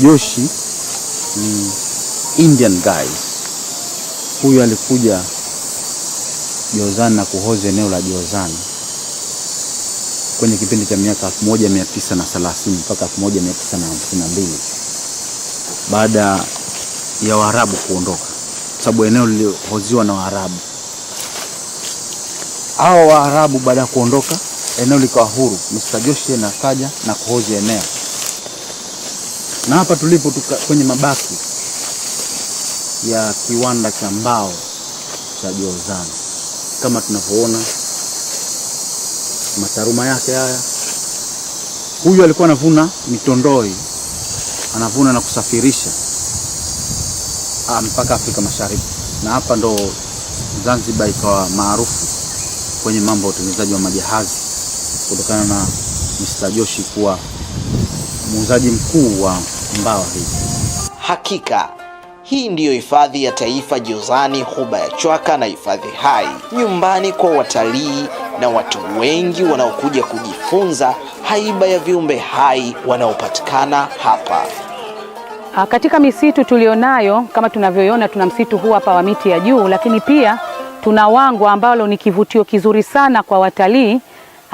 Joshi ni Indian guy. Huyu alikuja Jozani na kuhozi eneo la Jozani kwenye kipindi cha miaka 1930 mpaka 1952 baada ya Waarabu kuondoka, sababu eneo lilihoziwa na Waarabu. Hao Waarabu baada ya kuondoka eneo likawa huru, Mr. Joshi nakaja na kuhozi eneo na hapa tulipo tuka, kwenye mabaki ya kiwanda cha mbao cha Jozani, kama tunavyoona mataruma yake haya. Huyu alikuwa anavuna mitondoi, anavuna na kusafirisha ha, ah, mpaka Afrika Mashariki, na hapa ndo Zanzibar ikawa maarufu kwenye mambo ya utengenezaji wa majahazi kutokana na Mr. Joshi kuwa muuzaji mkuu wa mbawa hizi. Hakika hii ndiyo hifadhi ya taifa Jozani, huba ya Chwaka, na hifadhi hai nyumbani kwa watalii na watu wengi wanaokuja kujifunza haiba ya viumbe hai wanaopatikana hapa. Ah, katika misitu tulionayo, kama tunavyoiona, tuna msitu huu hapa wa miti ya juu, lakini pia tuna Wangwa ambalo ni kivutio kizuri sana kwa watalii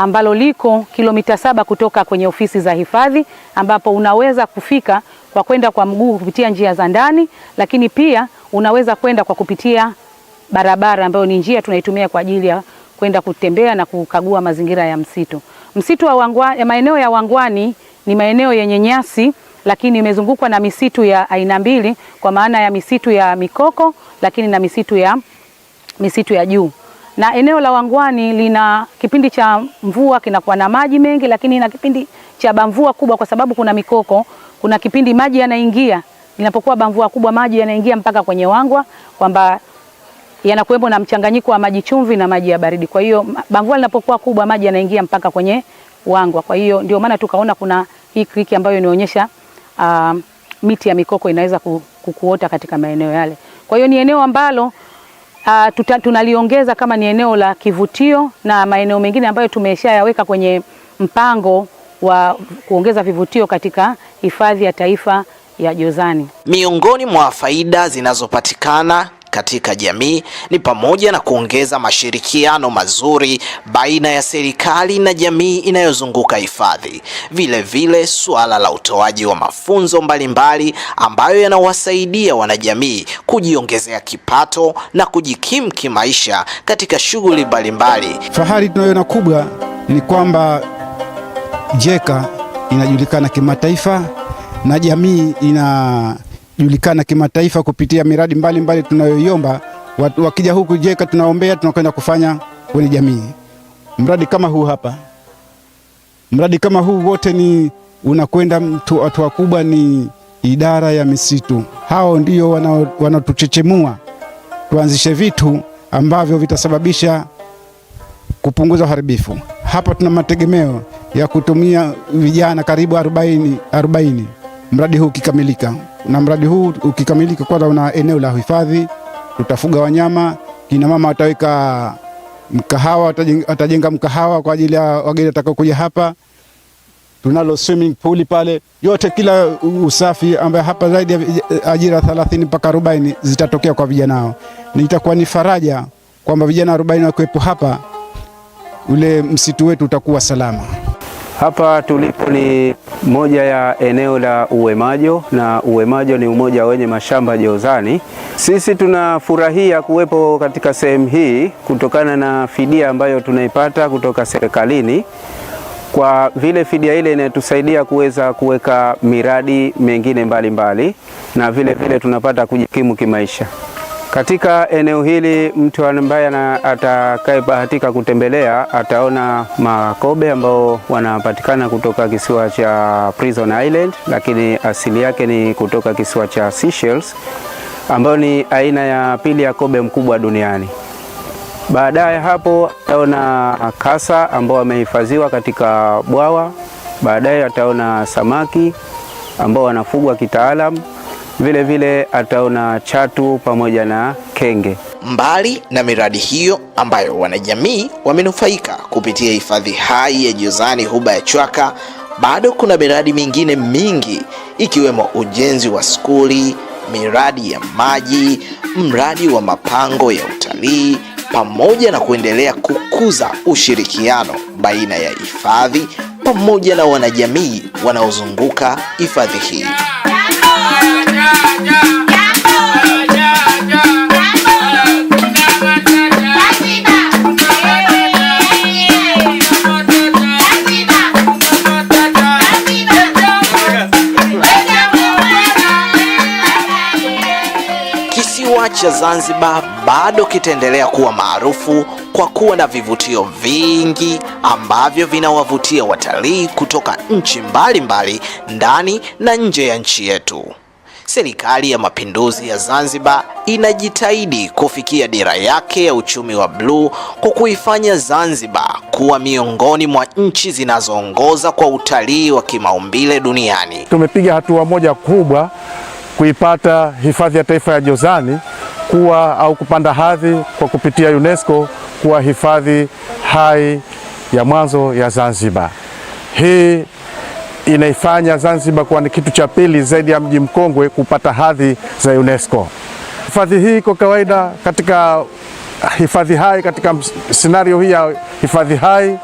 ambalo liko kilomita saba kutoka kwenye ofisi za hifadhi, ambapo unaweza kufika kwa kwenda kwa mguu kupitia njia za ndani, lakini pia unaweza kwenda kwa kupitia barabara ambayo ni njia tunaitumia kwa ajili ya kwenda kutembea na kukagua mazingira ya msitu. Msitu wa Wangwani, maeneo ya Wangwani ni maeneo yenye nyasi lakini imezungukwa na misitu ya aina mbili, kwa maana ya misitu ya mikoko, lakini na misitu ya misitu ya juu na eneo la Wangwani lina kipindi cha mvua kinakuwa na maji mengi, lakini na kipindi cha bamvua kubwa, kwa sababu kuna mikoko. Kuna kipindi maji yanaingia, inapokuwa bamvua kubwa, maji yanaingia mpaka kwenye Wangwa, kwamba yanakuwepo na mchanganyiko wa maji chumvi na maji ya baridi. Kwa hiyo bamvua linapokuwa kubwa, maji yanaingia mpaka kwenye Wangwa. Kwa hiyo ndio maana tukaona kuna hii kriki ambayo inaonyesha uh, miti ya mikoko inaweza kukuota katika maeneo yale. Kwa hiyo ni eneo ambalo Uh, tuta, tunaliongeza kama ni eneo la kivutio na maeneo mengine ambayo tumeshayaweka kwenye mpango wa kuongeza vivutio katika hifadhi ya taifa ya Jozani. Miongoni mwa faida zinazopatikana katika jamii ni pamoja na kuongeza mashirikiano mazuri baina ya serikali na jamii inayozunguka hifadhi. Vilevile, suala la utoaji wa mafunzo mbalimbali mbali ambayo yanawasaidia wanajamii kujiongezea kipato na kujikimu kimaisha katika shughuli mbalimbali. Fahari tunayoona kubwa ni kwamba JECA inajulikana kimataifa na jamii ina kujulikana kimataifa kupitia miradi mbalimbali tunayoiomba. Wakija huku Jeka tunaombea, tunakwenda kufanya kwenye jamii. Mradi kama huu hapa, mradi kama huu wote ni unakwenda mtu, watu wakubwa ni idara ya misitu, hao ndio wana tuanzishe vitu ambavyo vitasababisha kupunguza uharibifu. Hapa tuna mategemeo ya kutumia vijana karibu 40 40 mradi huu ukikamilika. Na mradi huu ukikamilika, kwanza una eneo la hifadhi, tutafuga wanyama, kina mama wataweka mkahawa, watajenga mkahawa kwa ajili ya wageni watakaokuja hapa. Tunalo swimming pool pale, yote kila usafi, ambayo hapa zaidi ya ajira 30 mpaka 40 zitatokea kwa vijana hao. Itakuwa ni faraja kwamba vijana 40 wakiwepo hapa, ule msitu wetu utakuwa salama. Hapa tulipo ni moja ya eneo la Uwemajo na Uwemajo ni umoja wenye mashamba Jozani. Sisi tunafurahia kuwepo katika sehemu hii kutokana na fidia ambayo tunaipata kutoka serikalini. Kwa vile fidia ile inatusaidia kuweza kuweka miradi mengine mbalimbali mbali, na vile vile tunapata kujikimu kimaisha. Katika eneo hili mtu ambaye atakayebahatika kutembelea ataona makobe ambao wanapatikana kutoka kisiwa cha Prison Island, lakini asili yake ni kutoka kisiwa cha Seychelles, ambayo ni aina ya pili ya kobe mkubwa duniani. Baadaye hapo ataona kasa ambao wamehifadhiwa katika bwawa. Baadaye ataona samaki ambao wanafugwa kitaalamu. Vile vile ataona chatu pamoja na kenge. Mbali na miradi hiyo ambayo wanajamii wamenufaika kupitia hifadhi hai ya Jozani huba ya Chwaka, bado kuna miradi mingine mingi ikiwemo ujenzi wa skuli, miradi ya maji, mradi wa mapango ya utalii pamoja na kuendelea kukuza ushirikiano baina ya hifadhi pamoja na wanajamii wanaozunguka hifadhi hii. Kisiwa cha Zanzibar bado kitaendelea kuwa maarufu kwa kuwa na vivutio vingi ambavyo vinawavutia watalii kutoka nchi mbalimbali mbali, ndani na nje ya nchi yetu. Serikali ya Mapinduzi ya Zanzibar inajitahidi kufikia dira yake ya uchumi wa bluu kwa kuifanya Zanzibar kuwa miongoni mwa nchi zinazoongoza kwa utalii wa kimaumbile duniani. Tumepiga hatua moja kubwa kuipata hifadhi ya taifa ya Jozani kuwa au kupanda hadhi kwa kupitia UNESCO kuwa hifadhi hai ya mwanzo ya Zanzibar. Hii inaifanya Zanzibar kuwa ni kitu cha pili zaidi ya mji mkongwe kupata hadhi za UNESCO. Hifadhi hii kwa kawaida katika hifadhi hai, katika scenario hii ya hifadhi hai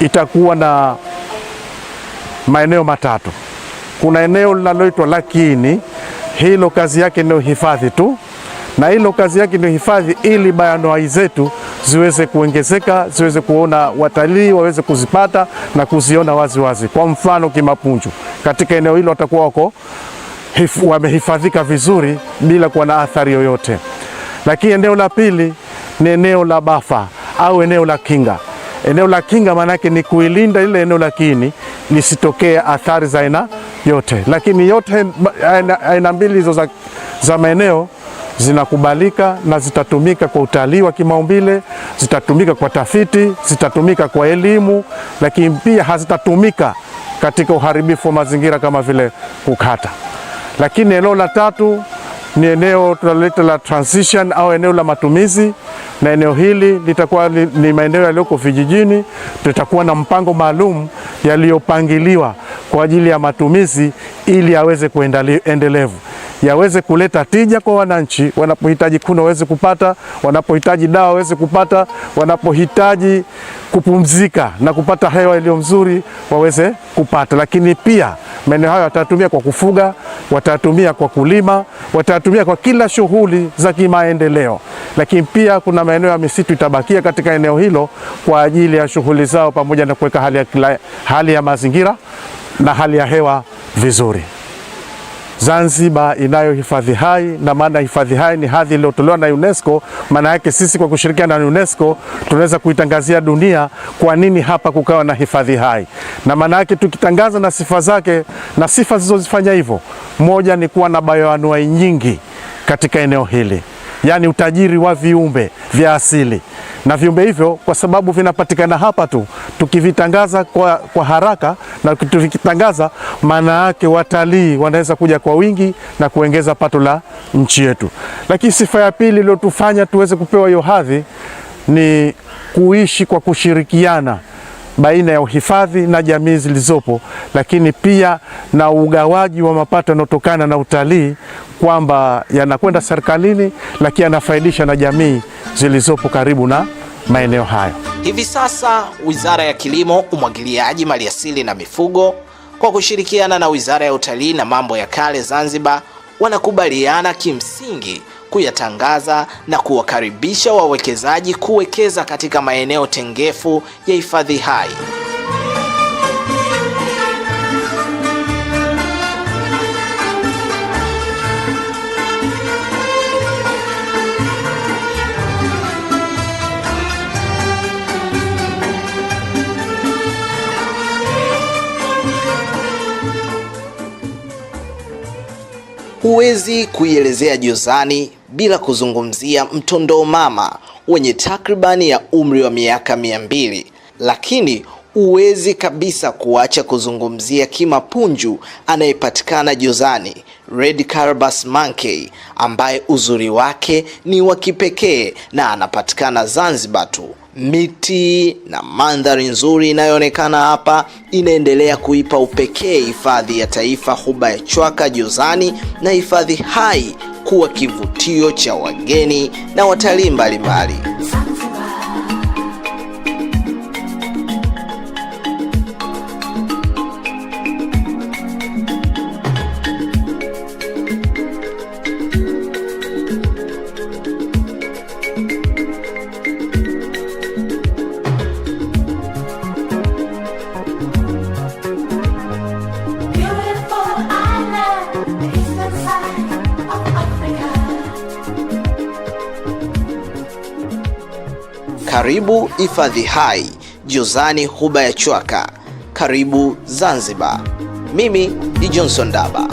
itakuwa na maeneo matatu. Kuna eneo linaloitwa Lakini, hilo kazi yake ni hifadhi tu, na hilo kazi yake ni hifadhi ili bayano hai zetu ziweze kuongezeka, ziweze kuona watalii waweze kuzipata na kuziona wazi wazi. Kwa mfano Kimapunju, katika eneo hilo watakuwa wako wamehifadhika vizuri bila kuwa na athari yoyote. Lakini eneo la pili ni eneo la bafa au eneo la kinga. Eneo la kinga maana yake ni kuilinda lile eneo la kiini lisitokee athari za aina yote. Lakini yote aina mbili hizo za, za maeneo zinakubalika na zitatumika kwa utalii wa kimaumbile, zitatumika kwa tafiti, zitatumika kwa elimu, lakini pia hazitatumika katika uharibifu wa mazingira kama vile kukata. Lakini eneo la tatu ni eneo tunaloleta la transition au eneo la matumizi na eneo hili litakuwa li, ni maeneo yaliyoko vijijini. Tutakuwa na mpango maalum yaliyopangiliwa kwa ajili ya matumizi ili yaweze kuendelevu yaweze kuleta tija kwa wananchi, wanapohitaji kuni waweze kupata, wanapohitaji dawa waweze kupata, wanapohitaji kupumzika na kupata hewa iliyo mzuri waweze kupata. Lakini pia maeneo hayo watayatumia kwa kufuga, watayatumia kwa kulima, watayatumia kwa kila shughuli za kimaendeleo lakini pia kuna maeneo ya misitu itabakia katika eneo hilo kwa ajili ya shughuli zao, pamoja na kuweka hali ya, kila, hali ya mazingira na hali ya hewa vizuri. Zanzibar inayo hifadhi hai, na maana hifadhi hai ni hadhi iliyotolewa na UNESCO. Maana yake sisi kwa kushirikiana na UNESCO tunaweza kuitangazia dunia kwa nini hapa kukawa na hifadhi hai, na maana yake tukitangaza na sifa zake na sifa zilizozifanya hivyo, moja ni kuwa na bayoanuai nyingi katika eneo hili yaani utajiri wa viumbe vya asili na viumbe hivyo, kwa sababu vinapatikana hapa tu, tukivitangaza kwa, kwa haraka na tukivitangaza, maana yake watalii wanaweza kuja kwa wingi na kuongeza pato la nchi yetu. Lakini sifa ya pili iliyotufanya tuweze kupewa hiyo hadhi ni kuishi kwa kushirikiana baina ya uhifadhi na jamii zilizopo, lakini pia na ugawaji wa mapato yanayotokana na utalii, kwamba yanakwenda serikalini, lakini yanafaidisha na jamii zilizopo karibu na maeneo hayo. Hivi sasa Wizara ya Kilimo, Umwagiliaji, Maliasili na Mifugo kwa kushirikiana na Wizara ya Utalii na Mambo ya Kale Zanzibar wanakubaliana kimsingi kuyatangaza na kuwakaribisha wawekezaji kuwekeza katika maeneo tengefu ya hifadhi hai. Huwezi kuielezea jozani bila kuzungumzia mtondoo mama wenye takribani ya umri wa miaka mia mbili, lakini huwezi kabisa kuacha kuzungumzia kimapunju anayepatikana Jozani Red Carbas Monkey ambaye uzuri wake ni wa kipekee na anapatikana Zanzibar tu. Miti na mandhari nzuri inayoonekana hapa inaendelea kuipa upekee hifadhi ya taifa huba ya Chwaka Jozani na hifadhi hai kuwa kivutio cha wageni na watalii mbalimbali. Karibu hifadhi hai, Jozani huba ya Chwaka. Karibu Zanzibar. Mimi ni Johnson Daba.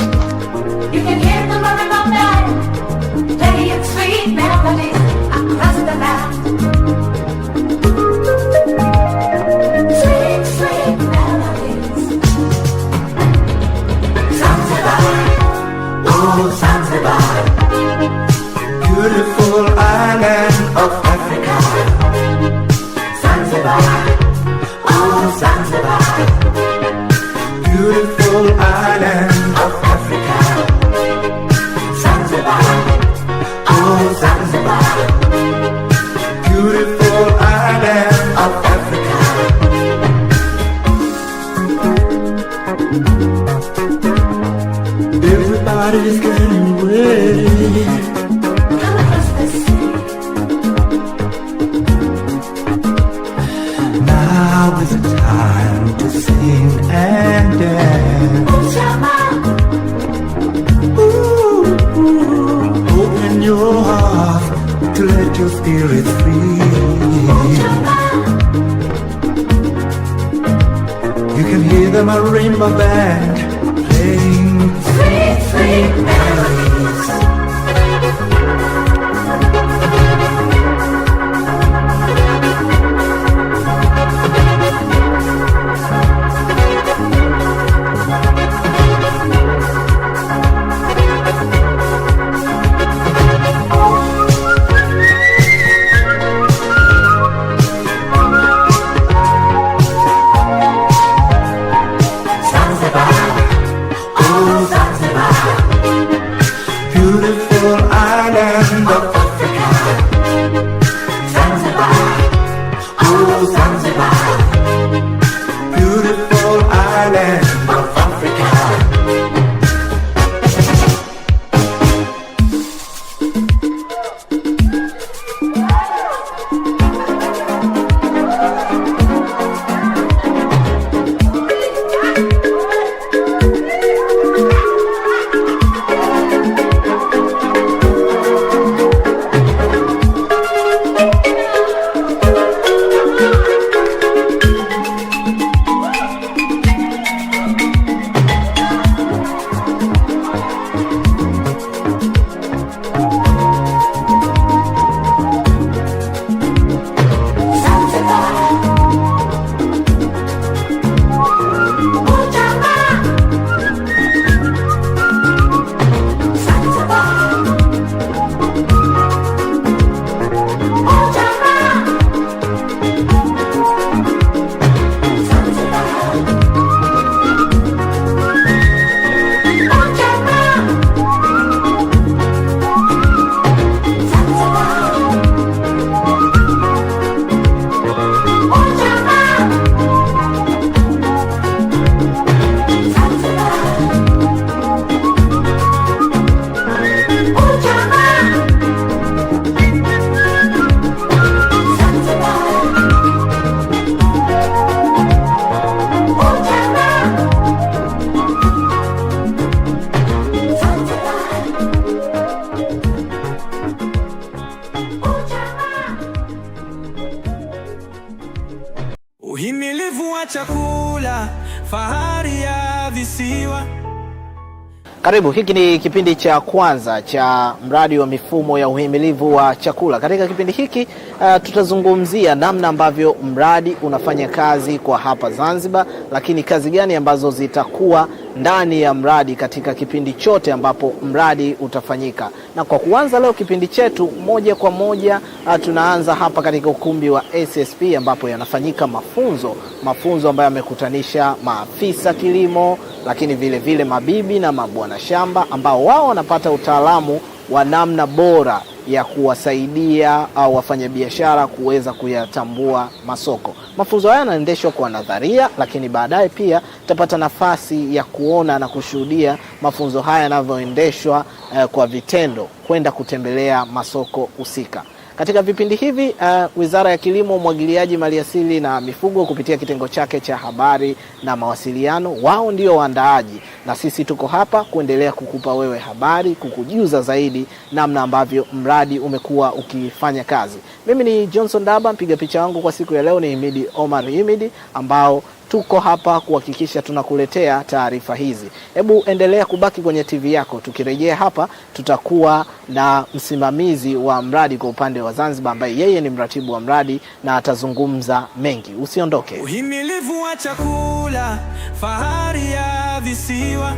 Karibu. Hiki ni kipindi cha kwanza cha mradi wa mifumo ya uhimilivu wa chakula. Katika kipindi hiki uh, tutazungumzia namna ambavyo mradi unafanya kazi kwa hapa Zanzibar, lakini kazi gani ambazo zitakuwa ndani ya mradi katika kipindi chote ambapo mradi utafanyika. Na kwa kuanza leo kipindi chetu moja kwa moja, ah, tunaanza hapa katika ukumbi wa SSP ambapo yanafanyika mafunzo, mafunzo ambayo yamekutanisha maafisa kilimo, lakini vile vile mabibi na mabwana shamba ambao wao wanapata utaalamu wa namna bora ya kuwasaidia au wafanyabiashara kuweza kuyatambua masoko. Mafunzo haya yanaendeshwa kwa nadharia, lakini baadaye pia tutapata nafasi ya kuona na kushuhudia mafunzo haya yanavyoendeshwa eh, kwa vitendo, kwenda kutembelea masoko husika. Katika vipindi hivi uh, Wizara ya Kilimo, Umwagiliaji, Maliasili na Mifugo kupitia kitengo chake cha habari na mawasiliano, wao ndio waandaaji, na sisi tuko hapa kuendelea kukupa wewe habari, kukujuza zaidi namna ambavyo mradi umekuwa ukifanya kazi. Mimi ni Johnson Daba, mpiga picha wangu kwa siku ya leo ni Himidi Omar Himidi ambao tuko hapa kuhakikisha tunakuletea taarifa hizi. Hebu endelea kubaki kwenye TV yako. Tukirejea hapa, tutakuwa na msimamizi wa mradi kwa upande wa Zanzibar, ambaye yeye ni mratibu wa mradi na atazungumza mengi. Usiondoke. Uhimilivu wa chakula, fahari ya visiwa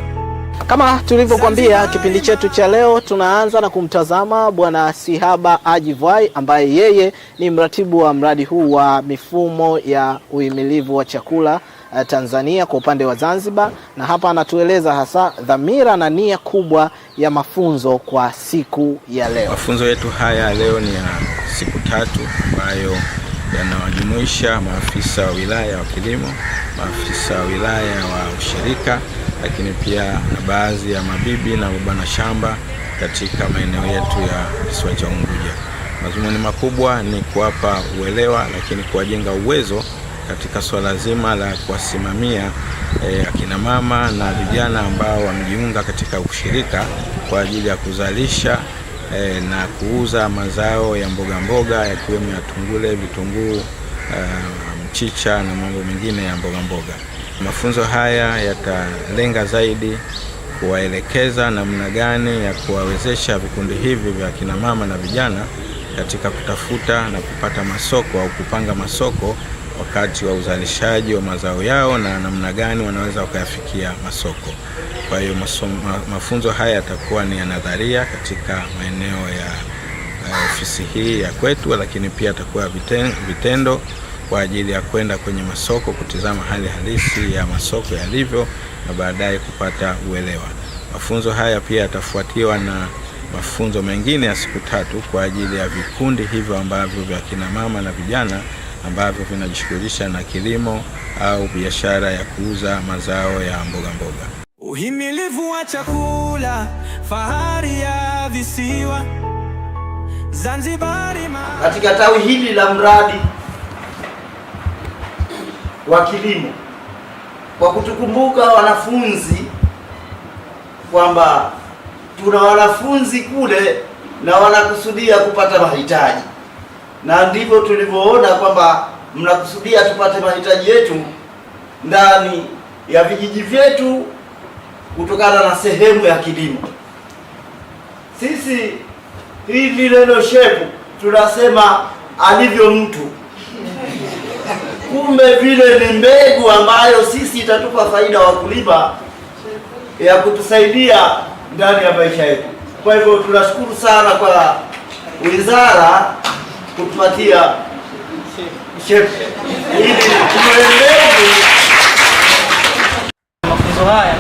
kama tulivyokuambia kipindi chetu cha leo, tunaanza na kumtazama Bwana Sihaba Ajivwai ambaye yeye ni mratibu wa mradi huu wa mifumo ya uhimilivu wa chakula eh, Tanzania kwa upande wa Zanzibar, na hapa anatueleza hasa dhamira na nia kubwa ya mafunzo kwa siku ya leo. Mafunzo yetu haya leo ni ya siku tatu ambayo yanawajumuisha maafisa wa wilaya wa kilimo, maafisa wa wilaya wa ushirika lakini pia na baadhi ya mabibi na mabwana shamba katika maeneo yetu ya kisiwa cha Unguja. Madhumuni makubwa ni kuwapa uelewa, lakini kuwajenga uwezo katika swala zima la kuwasimamia e, akina mama na vijana ambao wamejiunga katika ushirika kwa ajili ya kuzalisha e, na kuuza mazao ya mboga mboga yakiwemo ya tungule, vitunguu, e, mchicha na mambo mengine ya mboga mboga. Mafunzo haya yatalenga zaidi kuwaelekeza namna gani ya kuwawezesha vikundi hivi vya kinamama na vijana katika kutafuta na kupata masoko au kupanga masoko wakati wa uzalishaji wa mazao yao na namna gani wanaweza wakayafikia masoko. Kwa hiyo mafunzo haya yatakuwa ni ya nadharia katika maeneo ya eh, ofisi hii ya kwetu, lakini pia yatakuwa vitendo kwa ajili ya kwenda kwenye masoko kutizama hali halisi ya masoko yalivyo na baadaye kupata uelewa. Mafunzo haya pia yatafuatiwa na mafunzo mengine ya siku tatu kwa ajili ya vikundi hivyo ambavyo vya kina mama na vijana ambavyo vinajishughulisha na kilimo au biashara ya kuuza mazao ya mboga mboga. Uhimilivu wa chakula, fahari ya visiwa Zanzibar. Katika tawi hili la mradi wa kilimo kwa kutukumbuka wanafunzi kwamba tuna wanafunzi kule na wanakusudia kupata mahitaji, na ndivyo tulivyoona kwamba mnakusudia tupate mahitaji yetu ndani ya vijiji vyetu kutokana na sehemu ya kilimo. Sisi hili neno shepu tunasema alivyo mtu kumbe vile ni mbegu ambayo sisi itatupa faida wakulima ya kutusaidia ndani ya maisha yetu. Kwa hivyo tunashukuru sana kwa wizara kutupatia shepu ili mafunzo haya,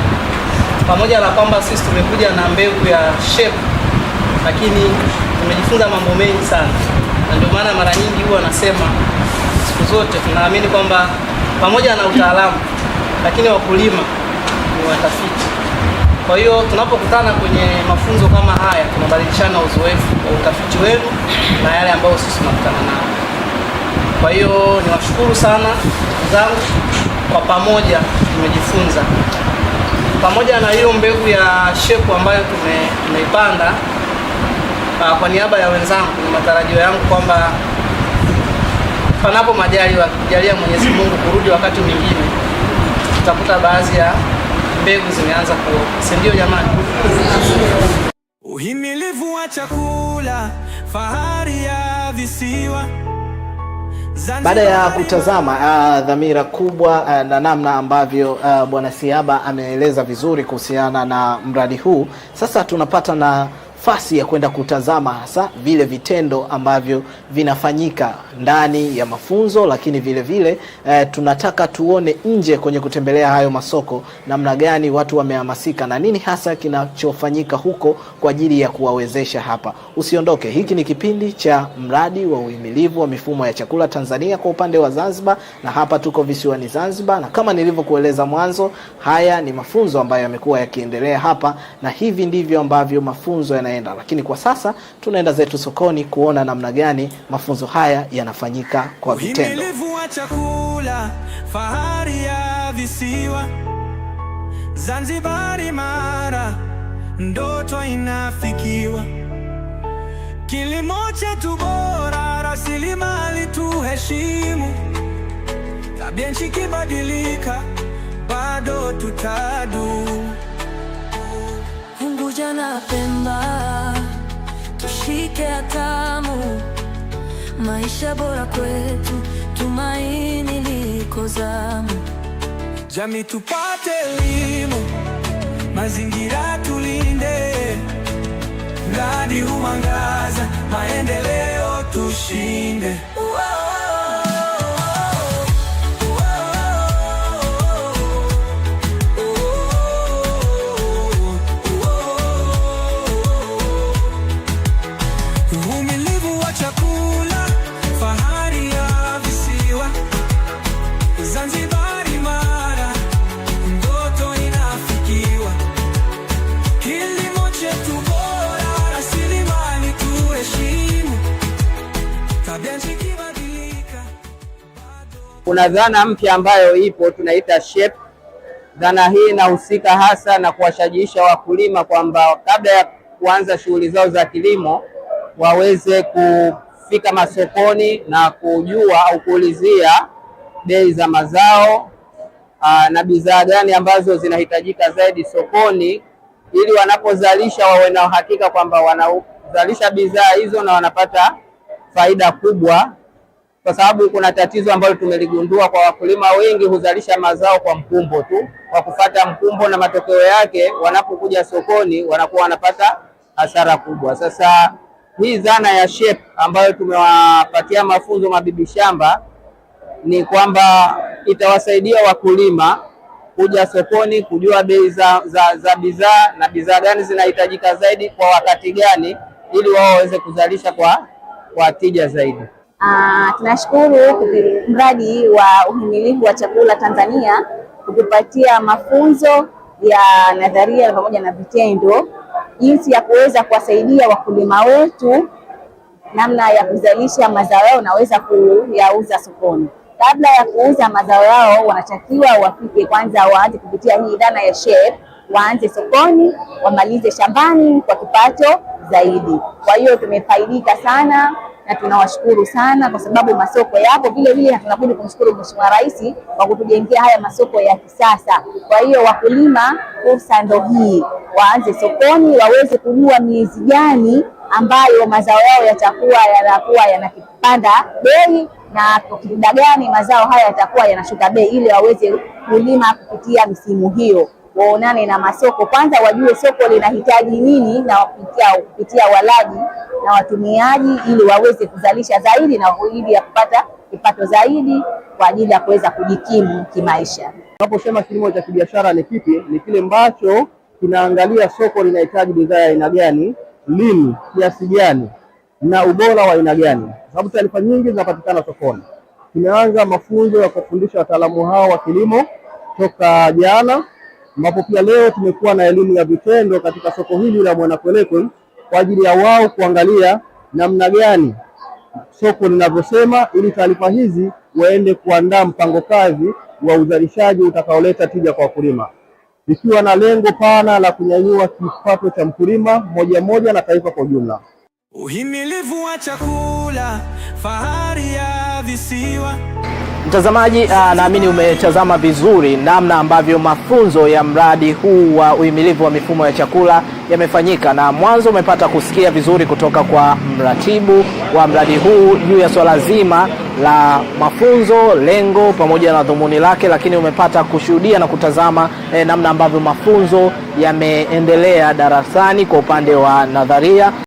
pamoja na kwamba sisi tumekuja na mbegu ya shepu, lakini tumejifunza mambo mengi sana, na ndio maana mara nyingi huwa anasema siku zote tunaamini kwamba pamoja na utaalamu, lakini wakulima ni watafiti. Kwa hiyo tunapokutana kwenye mafunzo kama haya, tunabadilishana uzoefu wa utafiti wenu na yale ambayo sisi tunakutana nayo. Kwa hiyo niwashukuru sana zangu, kwa pamoja tumejifunza. Pamoja na hiyo mbegu ya shepu ambayo tumeipanda, ah, kwa niaba ya wenzangu, ni matarajio yangu kwamba panapo majaliwa, wakijalia Mwenyezi Mungu kurudi wakati mwingine, tutakuta baadhi ya mbegu zimeanza kuota, si ndio jamani? Uhimilivu wa chakula, fahari ya visiwa. Baada ya kutazama uh, dhamira kubwa uh, na namna ambavyo uh, Bwana Siaba ameeleza vizuri kuhusiana na mradi huu, sasa tunapata na nafasi ya kwenda kutazama hasa vile vitendo ambavyo vinafanyika ndani ya mafunzo, lakini vile vile eh, tunataka tuone nje kwenye kutembelea hayo masoko, namna gani watu wamehamasika na nini hasa kinachofanyika huko kwa ajili ya kuwawezesha hapa. Usiondoke, hiki ni kipindi cha mradi wa uhimilivu wa mifumo ya chakula Tanzania kwa upande wa Zanzibar, na hapa tuko visiwani Zanzibar, na kama nilivyokueleza mwanzo, haya ni mafunzo ambayo yamekuwa yakiendelea hapa, na hivi ndivyo ambavyo mafunzo yana tunaenda, lakini kwa sasa tunaenda zetu sokoni kuona namna gani mafunzo haya yanafanyika kwa vitendo. Chakula, fahari ya visiwa Zanzibari, mara ndoto inafikiwa, kilimo chetu bora, rasilimali tuheshimu, tabia nchi kibadilika, bado tutadu moja napenda, tushike hatamu, maisha bora kwetu, tumaini liko zamu. Jamii tupate elimu, mazingira tulinde, mradi humangaza maendeleo tushinde. Kuna dhana mpya ambayo ipo tunaita shape. Dhana hii inahusika hasa na kuwashajiisha wakulima kwamba kabla ya kuanza shughuli zao za kilimo waweze kufika masokoni na kujua au kuulizia bei za mazao aa, na bidhaa gani ambazo zinahitajika zaidi sokoni ili wanapozalisha wawe na uhakika kwamba wanazalisha bidhaa hizo na wanapata faida kubwa kwa sababu kuna tatizo ambalo tumeligundua kwa wakulima wengi, huzalisha mazao kwa mkumbo tu, kwa kufata mkumbo, na matokeo yake wanapokuja sokoni wanakuwa wanapata hasara kubwa. Sasa hii dhana ya SHEP ambayo tumewapatia mafunzo mabibi shamba ni kwamba itawasaidia wakulima kuja sokoni kujua bei za, za, za bidhaa na bidhaa gani zinahitajika zaidi kwa wakati gani, ili wao waweze kuzalisha kwa, kwa tija zaidi. Ah, tunashukuru mradi wa uhimilivu wa chakula Tanzania kutupatia mafunzo ya nadharia pamoja na vitendo jinsi ya kuweza kuwasaidia wakulima wetu namna ya kuzalisha mazao yao naweza kuyauza sokoni. Kabla ya kuuza mazao yao, wanatakiwa wafike kwanza, waanze kupitia hii dhana ya shape, waanze sokoni, wamalize shambani kwa kipato zaidi. Kwa hiyo tumefaidika sana na tunawashukuru sana kwa sababu masoko yapo vile vile, na tunabudi kumshukuru Mheshimiwa Rais kwa kutujengea haya masoko ya kisasa. Kwa hiyo wakulima, fursa ndo hii, waanze sokoni, waweze kujua miezi gani ambayo mazao yao yatakuwa yanakuwa yanakipanda bei na kwa gani mazao haya yatakuwa yanashuka bei, ili waweze kulima kupitia misimu hiyo waonane na masoko kwanza, wajue soko linahitaji nini, na kupitia kupitia walaji na watumiaji, ili waweze kuzalisha zaidi na ili ya kupata kipato zaidi kwa ajili ya kuweza kujikimu kimaisha. unaposema kilimo cha kibiashara ni kipi? Ni kile ambacho kinaangalia soko linahitaji bidhaa ya aina gani, lini, kiasi gani na ubora wa aina gani, sababu taarifa nyingi zinapatikana sokoni. Tumeanza mafunzo ya kufundisha wataalamu hao wa kilimo toka jana ambapo pia leo tumekuwa na elimu ya vitendo katika soko hili la Mwanakwerekwe kwa ajili ya wao kuangalia namna gani soko linavyosema, ili taarifa hizi waende kuandaa mpango kazi wa uzalishaji utakaoleta tija kwa wakulima, ikiwa na lengo pana la kunyanyua kipato cha mkulima moja moja na taifa kwa ujumla. Uhimilivu wa chakula, fahari ya visiwa. Mtazamaji, ah, naamini umetazama vizuri namna ambavyo mafunzo ya mradi huu wa uhimilivu wa mifumo ya chakula yamefanyika, na mwanzo umepata kusikia vizuri kutoka kwa mratibu wa mradi huu juu ya swala zima la mafunzo, lengo pamoja na dhumuni lake, lakini umepata kushuhudia na kutazama eh, namna ambavyo mafunzo yameendelea darasani kwa upande wa nadharia.